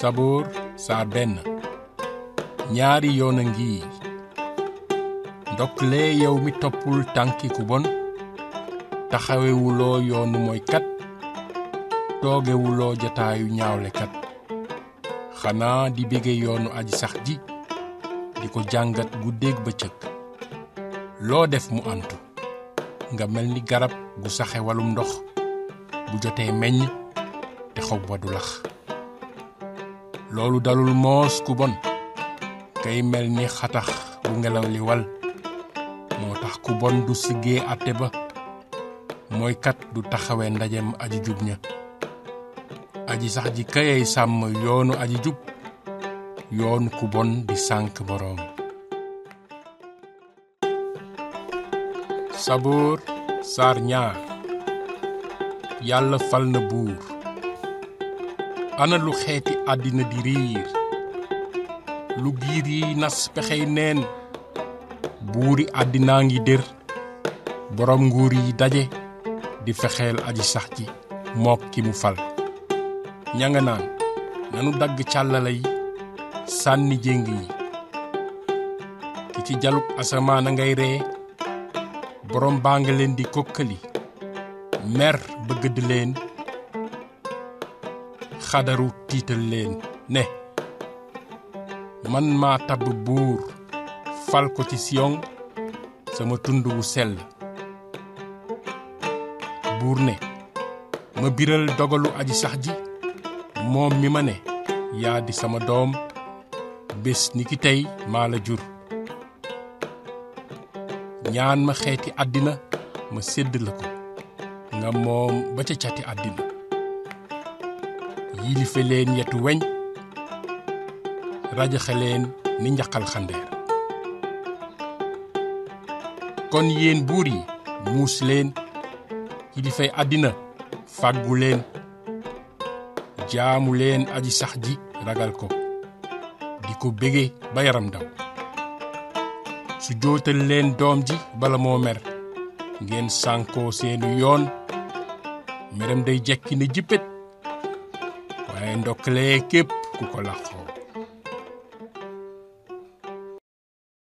saboor saa benn ñaari yoon a ngi ndoklee yow mi toppul tànkiku bon taxawewuloo yoonu mooy kat toogewuloo jotaayu ñaawlekat xanaa di bége yoonu aji sax ji di ko jàngat guddeeg bëccëg loo def mu antu nga mel ni garab gu saxe ndox bu jotee meññ te xob wa du lax loolu dalul moos ku bon kay mel ni xatax bu ngelaw li wal moo tax ku bon du siggee àtte ba mooy kat du taxawee ndajem aji jub ña aji sax ji kayay sàmm yoonu aji jub yoonu ku bon di sànk boroom saboor saar ñaar yàlla fal na buur ana lu xeeti àddina di riir lu giir yi nas pexey neen buuri àddinaa ngi dér borom nguur yi daje di fexeel aji sax ji mook ki mu fal ña nga naan nanu dagg càllala yi sànni jéng yi ki ci jalub asamaan a ngay ree borom baa nga leen di kokkali mer ba gëdd leen xadaru tiital leen ne man maa tabb buur fal ko ci Siyon sama tund wu sell buur ne ma biral dogalu aji sax ji moom mi ma ne yaa di sama doom bés ni ki tey maa la jur ñaan ma xeeti àddina ma sédd la ko nga moom ba ca cati àddina yilife leen yetu weñ rajaxe ni njaqal xandeer kon yéen buur yi muus leen kilifay àddina fàggu leen jaamu leen aji sax ji ragal ko di ko bége ba yaram daw su jootal leen doom ji bala moo mer ngeen sànkoo seenu yoon meram day jekki ne jippét may ndokkale ku ko làqoo